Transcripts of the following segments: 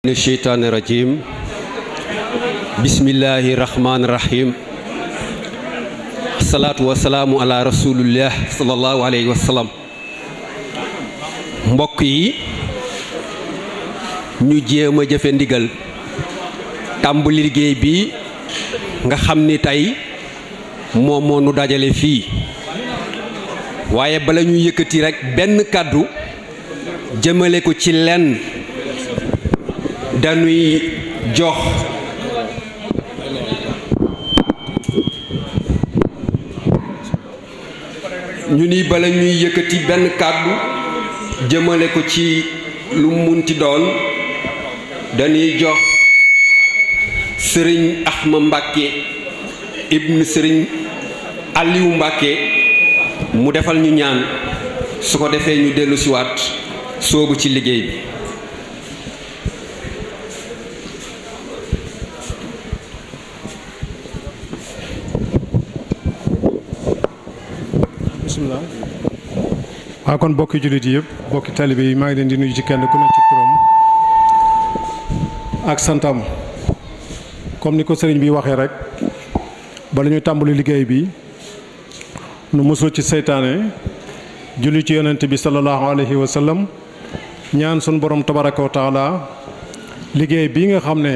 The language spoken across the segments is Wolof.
min sheytaani rajiim bismillaahi rahmaani wa sallam mbokk yi ñu jéem a jëfe ndigal tàmbali liggéey bi nga xam ni tey moom dajale fii waaye bala ñu yëkkati rekk benn kàddu jëmale ko ci lenn dañuy jox ñu ni bala ñuy yëkkati benn kàddu jëmale ko ci lu munti doon danuy jox sëriñ Axma Mbàkke ibn sëriñ Aliou Mbàkke mu defal ñu ñaan su ko defee ñu dellusiwaat soobu ci liggéey bi waaw ah, kon bokki jullit yi yëpp bokki talibe yi maa ngi leen di nuyu ci kenn ku ne ci turam ak santam comme ni ko sëriñ bi waxee rek bala ñuy tàmbali liggéey bi nu musul ci seytaane julli ci yonent bi sallallahu alayhi wa sallam ñaan sunu borom tabaraka wa taala liggéey bi nga xam ne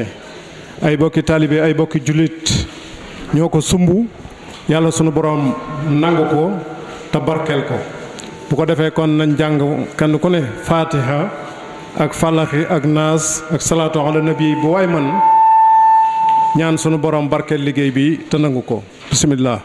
ay bokki talibe ay bokki jullit ñoo ko sumb yàlla sunu boroom nangu ko te barkeel ko. bu ko defee kon nañ jàng kenn ku ne faatiha ak falaxi ak naas ak salaatu ala nabi bu waay man ñaan sunu borom barkeel liggéey bi te nangu ko bisimilah.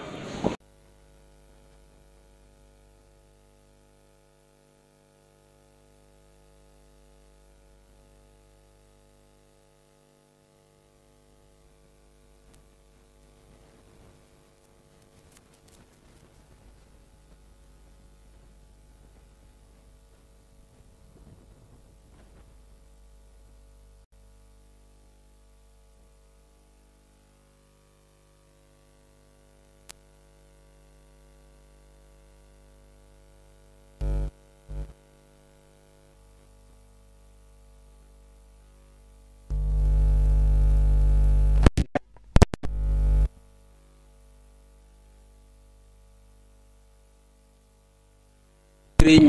sëriñ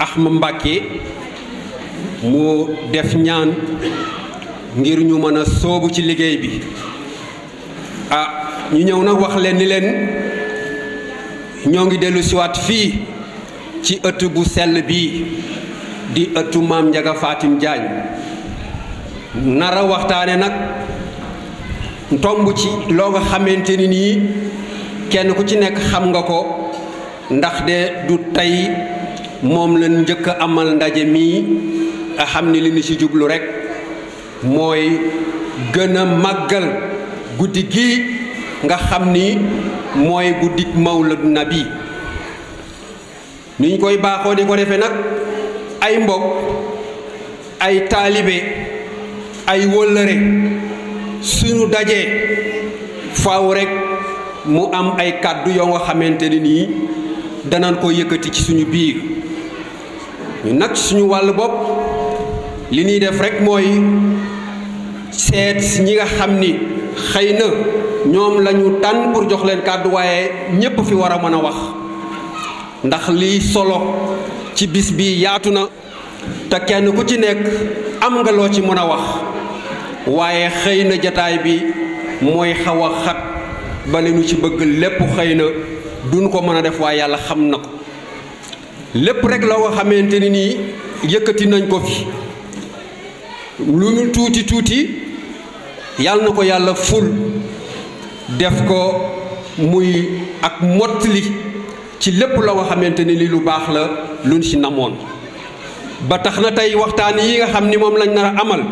Axma Mbàkke mu def ñaan ngir ñu mën a soobu ci liggéey bi ah ñu ñëw nag wax leen ni leen ñoo ngi dellu siwaat fii ci ëtt bu sell bi di ëttu maam Njaga Fatim Jaañ nara waxtaane nag tomb ci loo nga xamante ni nii kenn ku ci nekk xam nga ko ndax de du tey moom lañ njëkk a amal ndaje mii nga xam ni li ñu ci jublu rekk mooy gën a màggal guddi gi nga xam ni mooy guddi mawlud nabi niñ koy baaxoo di ko defee nag ay mbokk ay taalibe ay wëllëre sunu dajee faaw rekk mu am ay kàddu yoo nga xamante ni nii danan ko yëkkati ci suñu biir ñu nag suñu wàllu bopp li ñuy def rekk mooy seet ñi nga xam ni xëy na ñoom lañu ñu tànn pour jox leen kàddu waaye ñépp fi war a mën a wax ndax liy solo ci bis bi yaatu na te kenn ku ci nekk am nga loo ci mën a wax waaye xëy na jataay bi mooy xaw a xat ba li ci bëgg lépp xëy na duñ ko mën a def waaye yàlla xam na ko lépp rek la nga xamante ni nii yëkkati nañ ko fi lu ñu tuuti tuuti yàlla na ko yàlla ful def ko muy ak mottali ci lépp la nga xamante ni li lu baax la luñ ci namoon ba tax na tey waxtaan yi nga xam ni moom lañ nar a amal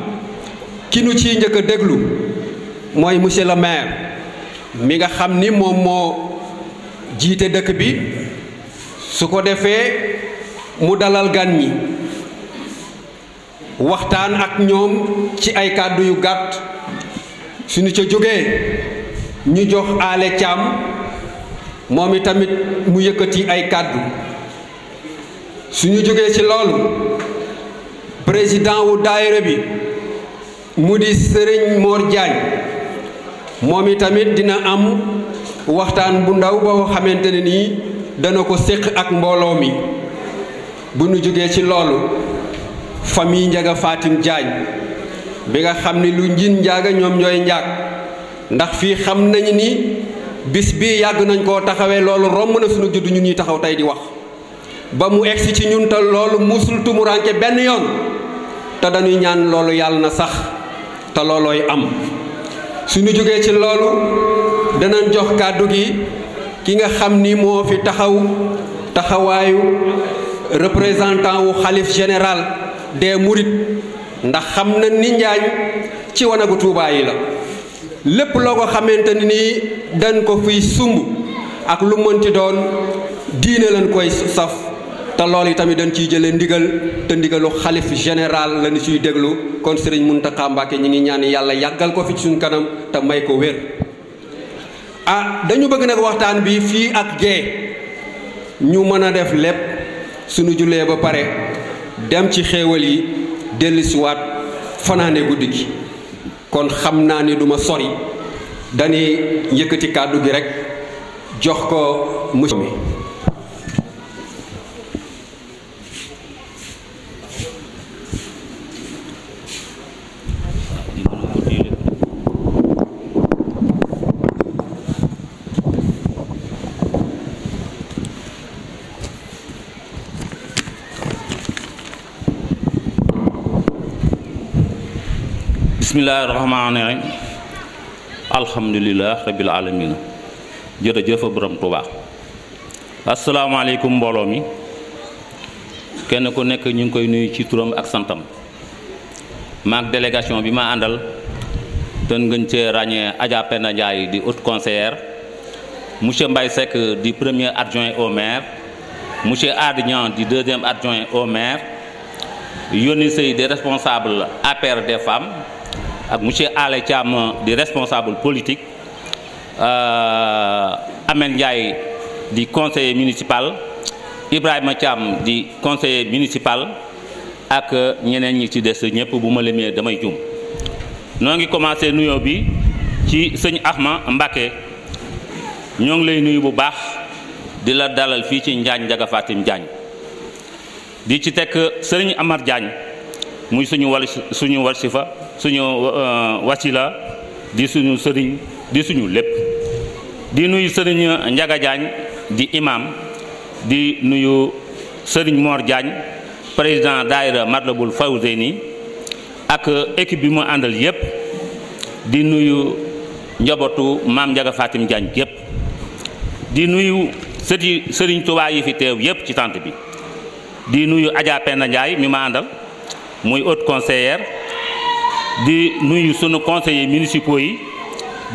ki nu ciy njëkk a déglu mooy monsieur le maire mi nga xam ni moom moo jiite dëkk bi su ko defee mu dalal gan yi waxtaan ak ñoom ci ay kàddu yu gàtt suñu ca jógee ñu jox aale caam moom itamit mu yëkkati ay kàddu suñu jógee ci lool président wu daayira bi mu di Sëriñ Moor Jaañ moom itamit dina am waxtaan bu ndaw boo xamante ne nii dana ko séq ak mbooloo mi bu nu jógee ci loolu famille Ndiaga faatim jaañ bi nga xam ni lu njiin njaaga ñoom ñooy njaag ndax fii xam nañu ni bis bi yàgg nañ ko taxawee loolu romb na suñu judd ñu ñuy taxaw tey di wax ba mu egsi ci ñun te loolu musul tumuranke benn yoon te dañuy ñaan loolu yàlla na sax te loolooy am suñu jógee ci loolu danañ jox kàddu gi ki nga xam ni moo fi taxaw taxawaayu représentant wu xalif général des Mourides ndax xam na ni Njaañ ci wanagu Tuubaa yi la lépp loo ko xamante ni dañ ko fiy sumb ak lu mënti doon diine lañ koy saf te lool yi tamit dañ ciy jëlee ndigal te ndigalu xalif général lañu suy déglu kon Sëriñ Muntaxa Mbàkke ñi ngi ñaan yàlla yàggal ko fi ci suñ kanam te may ko wér ah dañu bëgg nag waxtaan bi fii ak gee ñu mën a def lépp sunu jullee ba pare dem ci xéewal yi dellusiwaat fanaane guddi gi kon xam naa ni duma sori dañuy yëkkati kàddu gi rekk jox ko monsieur mi bismillaahi rahmaani rahiim alhamdulilah rabil aalamiina jërëjëf borom Tuubaa asalaamaaleykum mbooloo mi kenn ku nekk ñu ngi koy nuyu ci turam ak santam maag délégation bi ma àndal ten ngeen cee ràññee Adja Penda Ndiaye di haute conseillère monsieur Mbaye Seck di premier adjoint au maire monsieur Adi di deuxième adjoint au maire Yoni de di responsable APR des femmes. ak monsieur Alé Thiam di responsable politique Amel Ndiaye di conseiller municipal Ibrahima am di conseiller municipal ak ñeneen ñi ci des ñëpp bu ma lemee damay jum noo ngi commencé nuyo bi ci sëñ Axma Mbacké ñoo ngi lay nuyu bu baax di la dalal fii ci Njaañ Njaga Fatim Njaañ di ci tekk sëriñ Amar Njaañ muy suñu wal suñu wasifa suñu euh, wasila di suñu sëriñ di suñu lépp di nuyu sëriñ Njaga di imam di nuyu sëriñ Mor Jaañ président daayira Matlabul Fawzeyni ak équipe bi mu àndal yépp di nuyu njabootu maam Njaga Fatim Jaañ yépp di nuyu sëti sëriñ Tuubaa yi fi teew yépp ci tant bi di nuyu Adja na Ndiaye mi ma àndal muy haute conseillère di nuyu sunu conseil municipaux yi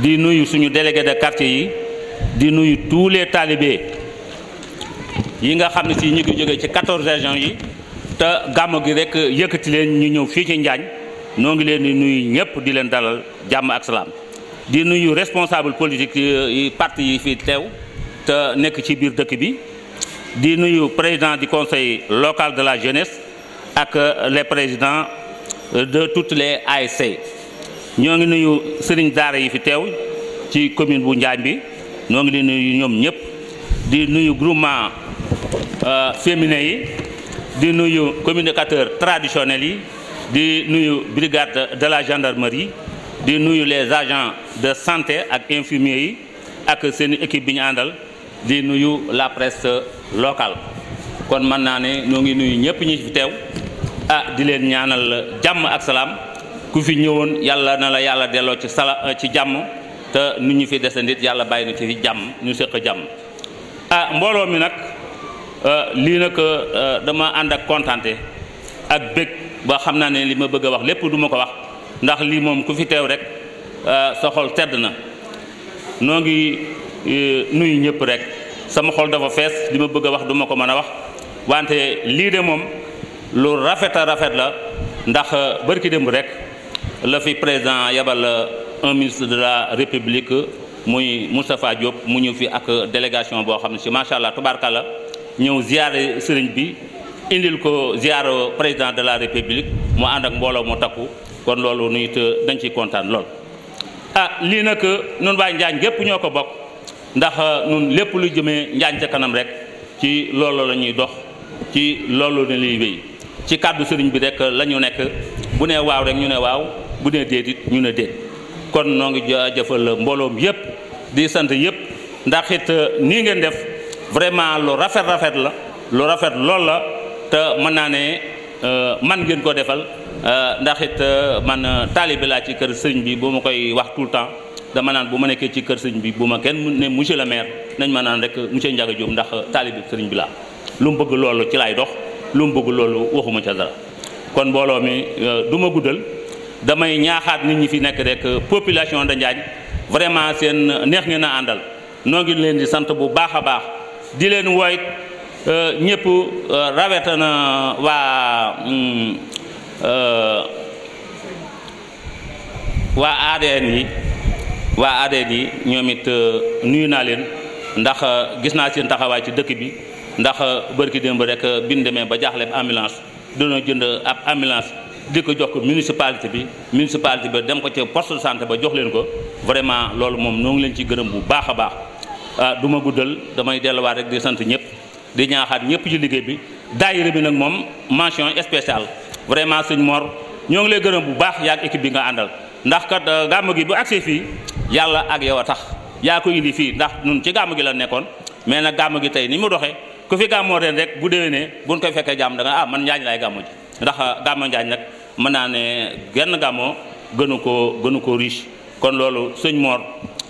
di nuyu suñu délégué de quartier yi di nuyu tous les talibés yi nga xam ne si ñu ngi jógee ci 14 régions yi te gàmmu gi rek yëkkati leen ñu ñëw fii ci Njaañ noo ngi leen di nuyu ñëpp di leen dalal jàmm ak salaam di nuyu responsable politique yi parti yi fii teew te nekk ci biir dëkk bi di nuyu président du conseil local de la jeunesse ak les président Euh, de toutes les ASC ñoo ngi nuyu sëriñ daara yi fi teew ci commune bu Njaañ bi ñoo ngi nuyu ñoom ñëpp di nuyu groupement euh, féminin yi di nuyu communicateur traditionnels yi di nuyu brigade de la gendarmerie di nuyu les agents de santé ak infirmiers yi ak seen équipe bi ñu àndal di nuyu la presse locale kon mën naa ne ñoo ngi nuyu ñëpp ñi fi teew ah di leen ñaanal jàmm ak salaam ku fi ñëwoon yàlla na la yàlla delloo ci sala ci jàmm te nu ñu fi desandit yàlla bàyyi na ci fi jàmm ñu séq jàmm ah mbooloo mi nag ah, lii nag ah, dama ànd ak kontante ak bég ba xam naa ne li ma bëgg a wax lépp duma ko wax ndax lii moom ku fi teew rek ah, sa xol tedd na noo ngi eh, nuyu ñëpp rek sama xol dafa fees li ma bëgg a wax duma ko mën a wax wante lii de moom lu rafet rafet la ndax euh, bërki démb rek la fi président yabal euh, un ministre de la république muy Moustapha Diop mu ñëw fi ak délégation boo xam ne si macha allah tubaarka la ñëw ziare sëriñ bi indil ko ziaro président de la république mu ànd ak mbooloo mu takku kon loolu nu it euh, dañ ciy kontaan lool. ah lii nag nun waa Njaañ gépp ñoo ko bokk ndax nun lépp lu jëmee Njaañ ca kanam rek ci loolu lañuy dox ci loolu la ñuy wéy. ci kàddu sëriñ bi rek la ñu nekk bu nee waaw rek ñu ne waaw bu nee déet it ñu ne déet kon noo ngi jaajëfal mbooloom yëpp di sant yëpp ndax it euh, nii ngeen def vraiment lu rafet rafet la lu rafet lool la te mën naa ne euh, man ngeen koo defal euh, ndax it man taalibe laa ci kër sëriñ bi bu ma koy wax tout le temps dama naan bu ma nekkee ci kër sëriñ bi bu ma kenn ne monsieur le maire nañ ma naan rek monsieur Ndiaga Diop ndax taalibe sëriñ bi laa lu mu bëgg loolu ci laay dox. lu mu bëgg loolu waxuma ca dara kon mbooloo mi euh, duma guddal damay ñaaxaat nit ñi fi nekk rekk euh, population de Njaañ vraiment seen euh, neex ngeen a àndal noo ngi leen di sant bu baax a baax di leen wooyit ñëpp rawetana waa hmm, waa ADN yi waa ADN yi ñoom it nuyu naa leen ndax gis naa seen taxawaay ci dëkk bi ndax euh, bërki démb rek euh, bi ñu demee ba jaaxle ambulance dañoo jënd ab ambulance di ko jox ko municipalité bi municipalité bi dem ko ci poste de santé ba jox leen ko vraiment loolu moom ñoo ngi leen ci gërëm bu baax a baax ah du ma guddal damay delluwaat rek di sant ñëpp di ñaaxaat ñëpp ci liggéey bi daayira bi nag moom mention spéciale vraiment sëñ Mor ñoo ngi lay gërëm bu baax yaa ak équipe bi nga àndal ndax kat euh, gàmm gi bu agsee fii yàlla ak yow a tax yaa ko indi fii ndax ñun ci gàmm gi la nekkoon mais nag gàmm gi tey ni mu doxee. ku fi gàmmoo ren rek bu déwénee buñ koy fekkee jàmm da nga ah man njaañ laay gàmmo ji ndax ah, gàmmo njaañ nag mën naa ne genn gàmmoo gënu koo gënu koo riche kon loolu sëñ Mor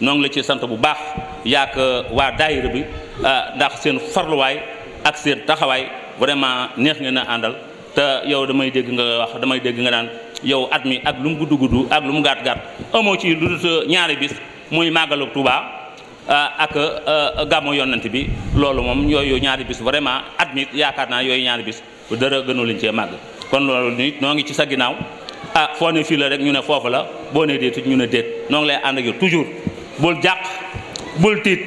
noo la ci sant bu baax yaak ah, waa daayira bi ah, ndax seen farluwaay ak seen taxawaay vraiment neex ngeen a àndal te yow damay dégg nga wax damay dégg nga naan yow at mi ak lu mu gudd gudd ak lu mu gàtt gàtt amoo ci lu dul ñaari bis muy màggalu Tuubaa Euh, ak euh, gàmmu yonent bi loolu moom yooyu ñaari bis vraiment at mi yaakaar naa yooyu ñaari bis dara gënu leen cee màgg kon loolu nit ñoo ngi ci sa ginnaaw ah foo ne fii la rek ñu ne foofu la boo ne déet ñu ne déet noo ngi lay ànd ak yow toujours bul jàq bul tiit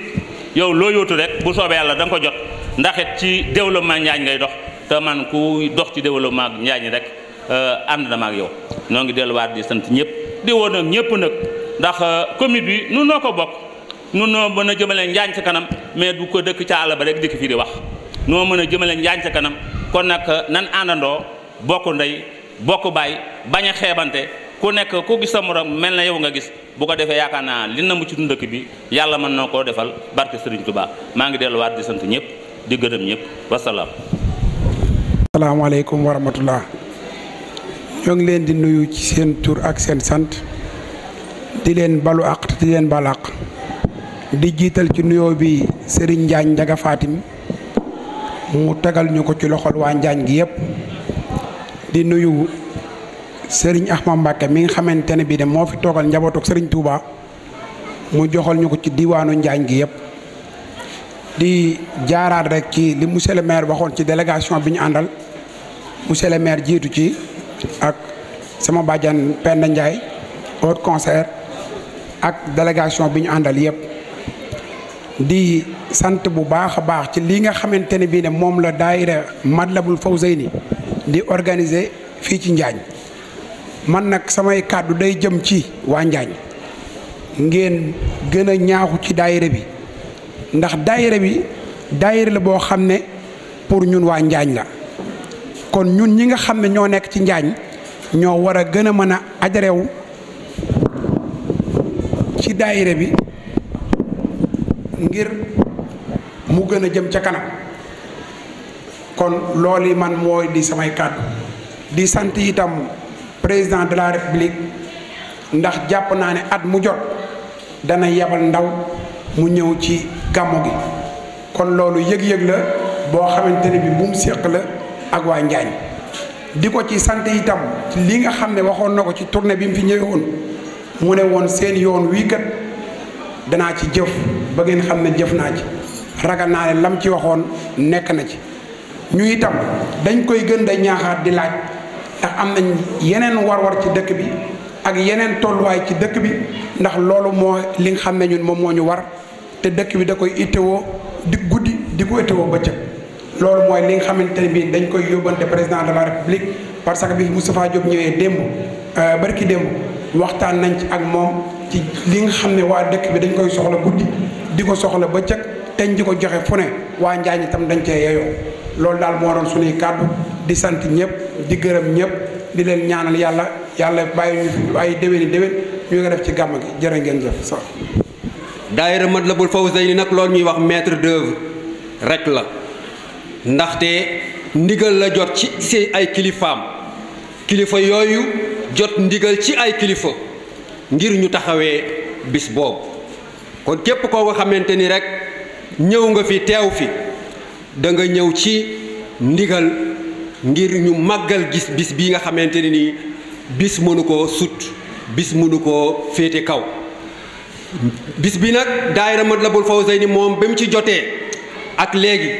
yow loo yóotu rek bu soobee yàlla danga ko jot ndax it ci développement Njaañ ngay dox te man ku dox ci développement Njaañ rek euh, ànd na ma ak yow noo ngi delluwaat di sant ñëpp di woon ak ñëpp nag nun noo mën a jëmale njaañ ca kanam mais du ko dëkk ca àll ba rek dëkk fii di wax noo mën a jëmale njaañ ca kanam kon nag nan àndandoo bokk ndey bokk bàyyi bañ a xeebante ku nekk ku gis sa morom mel na yow nga gis bu ko defee yaakaar naa li na mu ci ndëkk bi yàlla mën na koo defal barke Sëriñ Tuubaa maa ngi delluwaat di sant ñëpp di gërëm ñëpp wasalaam. salaamaaleykum wa rahmatullah ñoo ngi leen di nuyu ci seen tur ak seen sant di leen balu àq leen balaq di jiital ci nuyoo bi Serigne Njaañ Njaga faatim mu tegal ñu ko ci loxol waa Njaañ gi yëpp di nuyu Serigne Ahmad Mbacke mi nga xamante ne bii de moo fi toogal njabootuk sëriñ tuuba mu joxal ñu ko ci diwaanu Njaañ gi yëpp di jaaraat rekk ci li monsieur le maire waxoon ci délégation bi ñu àndal monsieur maire jiitu ci ak sama bàjjan Penda Ndiaye haut conseil ak délégation bi ñu àndal yëpp. di sant bu baax a baax ci li nga xamante ne bii ne moom la mat daayira Matlabul Fawzayni di organiser fii ci Njaañ man nag samay kàddu day jëm ci waa Njaañ ngeen gën a ñaaxu ci daayira bi ndax daayira bi daayira la boo xam ne pour ñun waa Njaañ la kon ñun ñi nga xam ne ñoo nekk ci Njaañ ñoo war a gën a mën a ajarew ci daayira bi ngir mu gën a jëm ca kanam kon loolu man mooy di samay kàddu di sant itam président de la république ndax jàpp naa ne at mu jot dana yebal ndaw mu ñëw ci gàmmu gi kon loolu yëg-yëg la boo xamante ni bi bu mu séq la ak waa Njaañ di ko ci sant itam li nga xam ne waxoon na ko ci tournée bi mu fi ñëwee woon mu ne woon seen yoon wii kat danaa ci jëf ba ngeen xam ne jëf naa ci ragal naa ne lam ci waxoon nekk na ci ñu itam dañ koy gën da ñaaxaat di laaj ndax am nañ yeneen war-war ci dëkk bi ak yeneen tolluwaay ci dëkk bi ndax loolu moo li nga xam ne ñun moom moo ñu war te dëkk bi da koy itteewoo di guddi di ko itteewoo bëccëg loolu mooy li nga xamante ne bii dañ koy yóbbante président de la république parce que bi Moustapha Diop ñëwee démb euh, barki démb waxtaan nañ ci ak moom ci li nga xam ne waa dëkk bi dañ koy soxla guddi. di ko soxla ba cëg te di ko joxe fu ne waa njaañ itam dañ cee yeyoo loolu daal moo doon suñuy kàddu di sant ñëpp di gërëm ñëpp di leen ñaanal yàlla yàlla bàyyi ñu ay déwéni déwén ñu nga def ci gàmm gi jërë ngeen jëf so daayira Matlaboul Fawzayni nag lool ñuy wax maître d'œuvre rek la ndaxte ndigal la jot ci si ay kilifaam kilifa yooyu jot ndigal ci ay kilifa ngir ñu taxawee bis boobu kon képp koo nga xamante ni rek ñëw nga fi teew fi da nga ñëw ci ndigal ngir ñu màggal gis bis bi nga xamante ne nii bis mënu ko sut bis mënu koo féete kaw bis bi nag daayira Matlabul Fawzayni moom ba mu ci jotee ak léegi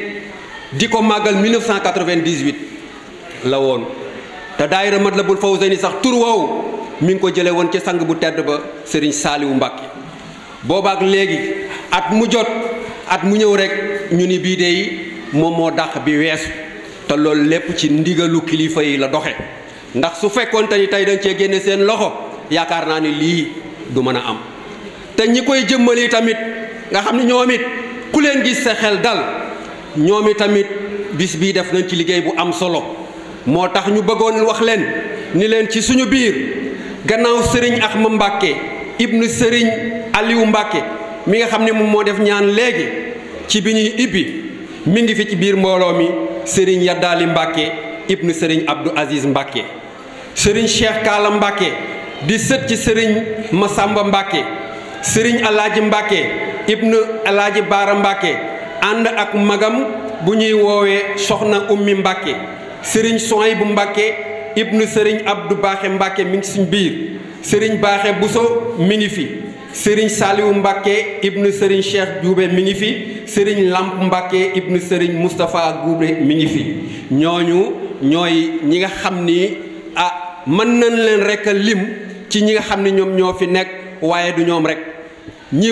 di ko màggal 1998 la woon te la daayira Matlabul Fawzayni sax tur woowu mi ngi ko jële woon ci sang bu tedd ba Serigne saaliwu Mbacké boobaak léegi at mu jot at mu ñëw rek ñu ni bii dey moom moo dàq bi weesu te loolu lépp ci ndigalu kilifa yi la doxe ndax su fekkoon te ni tey dañ cee génne seen loxo yaakaar naa ni lii du mën a am te ñi koy jëmmali tamit nga xam ne ñoom it ku leen gis sa xel dal ñoom it tamit bis bii def nañ ci liggéey bu am solo moo tax ñu bëggoon wax leen ni leen ci suñu biir gannaaw sëriñ Axma Mbàkke ibnu sëriñ Aliou Mbàkke mi nga xam ne moom moo def ñaan léegi ci bi ñuy ibbi mi ngi fi ci biir mbooloo mi sëriñ Yaddaali Mbàkke ibnu sëriñ Abdou Aziz Mbàkke sëriñ Cheikh Kaala Mbàkke di sët ci sëriñ Masamba Mbàkke sëriñ Alaaji Mbàkke ibnu Alaaji Baara Mbàkke ànd ak magam bu ñuy woowee soxna ummi Mbàkke sëriñ Soy bu Mbàkke ibnu sëriñ Abdou Baaxe Mbàkke mi ngi suñ biir sëriñ Baaxe Bousso mi ngi fi sëriñ Saliou Mbacke ibnu sëriñ Cheikh Dioubé mi ngi fi sëriñ làmp Mbacke ibnu sëriñ Moustapha Goubé mi ngi fi ñooñu ñooy ñi nga xam ni a ah, mën nañ leen rek a lim ci ñi nga xam ni ñoom ñoo fi nekk waaye du ñoom rek ñi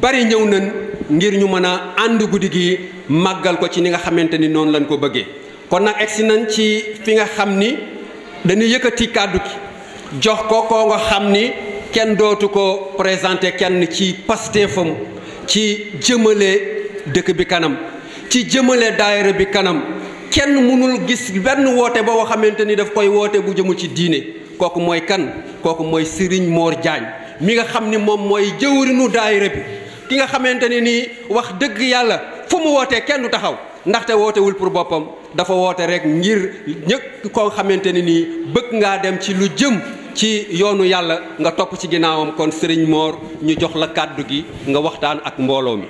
bari ñëw nañ ngir ñu mën a ànd guddi gi màggal ko ci ni nga xamante ni noonu lañ ko bëggee kon nag egsi nañ ci fi nga xam ni dañu yëkkati kàddu gi jox ko koo nga xam ni kenn dootu ko présenté kenn ci pastéefam ci jëmale dëkk bi kanam ci jëmale daayira bi kanam kenn mënul gis benn woote boo xamante ni daf koy woote bu jëmu ci diine kooku mooy kan kooku mooy Serigne Mor Diagne mi nga xam ni moom mooy jëwrinu daayira bi ki nga xamante ne nii wax dëgg yàlla fu mu wootee kenn du taxaw ndaxte wootewul pour boppam dafa woote rek ngir ñëpp koo xamante ne nii bëgg ngaa dem ci lu jëm ci yoonu yàlla nga topp ci ginnaawam kon sëriñ moor ñu jox la kàddu gi nga waxtaan ak mbooloo mi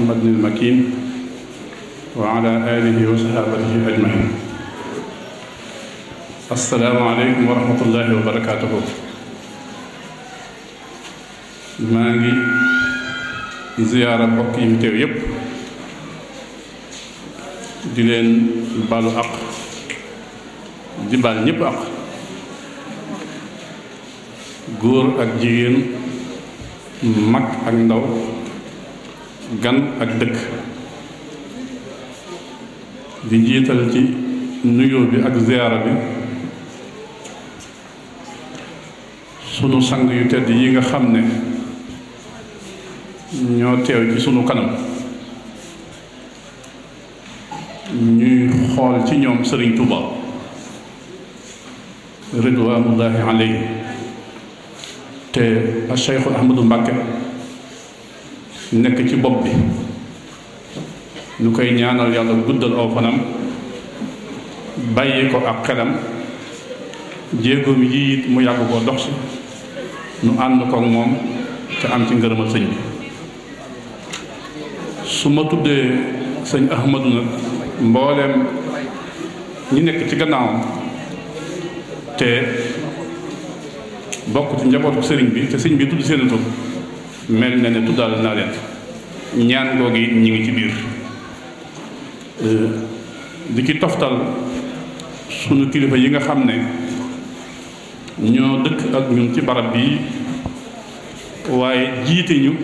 muhammadinil makin wa ala alihi wa maa ngi ziyaara mbokk yi mu teew yépp di leen balu ak di bal ñépp ak góor ak jigéen mag ak ndaw gan ak dëkk di jiital ci nuyoo bi ak ziyaara bi sunu sang yu tedd yi nga xam ne ñoo teew ci sunu kanam ñuy xool ci ñoom sëriñ Tuuba ridwanullahi alayhi te a Cheikh Ahmadou nekk ci bopp bi ñu koy ñaanal yàlla guddal aw fanam bàyyi ko ak xelam jéegoom yi it mu yàgg koo dox si nu ànd ko moom te am ci ngërëmal sëñ bi su ma tuddee sëñ Ahmadou nag mbooleem ñi nekk ci gannaawam te bokk ci njabootu sëriñ bi te sëriñ bi tudd seen tur mel na ne tuddaal naa leen ñaan googu yi ñu ngi ci biir li euh, ci toftal sunu kilifa yi nga xam ne ñoo dëkk ak ñun ci barab bi waaye jiite ñu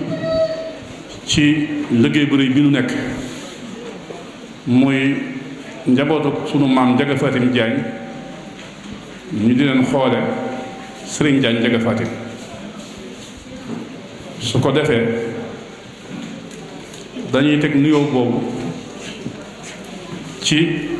ci liggéey bu bi nu nekk muy njabootu sunu maam Njaga Fatim Jaañ ñu di leen xoole Serigne Diagne Ndiaga Fatick su ko defee dañuy teg nuyoo boobu ci